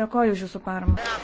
Dėkoju už Jūsų paramą.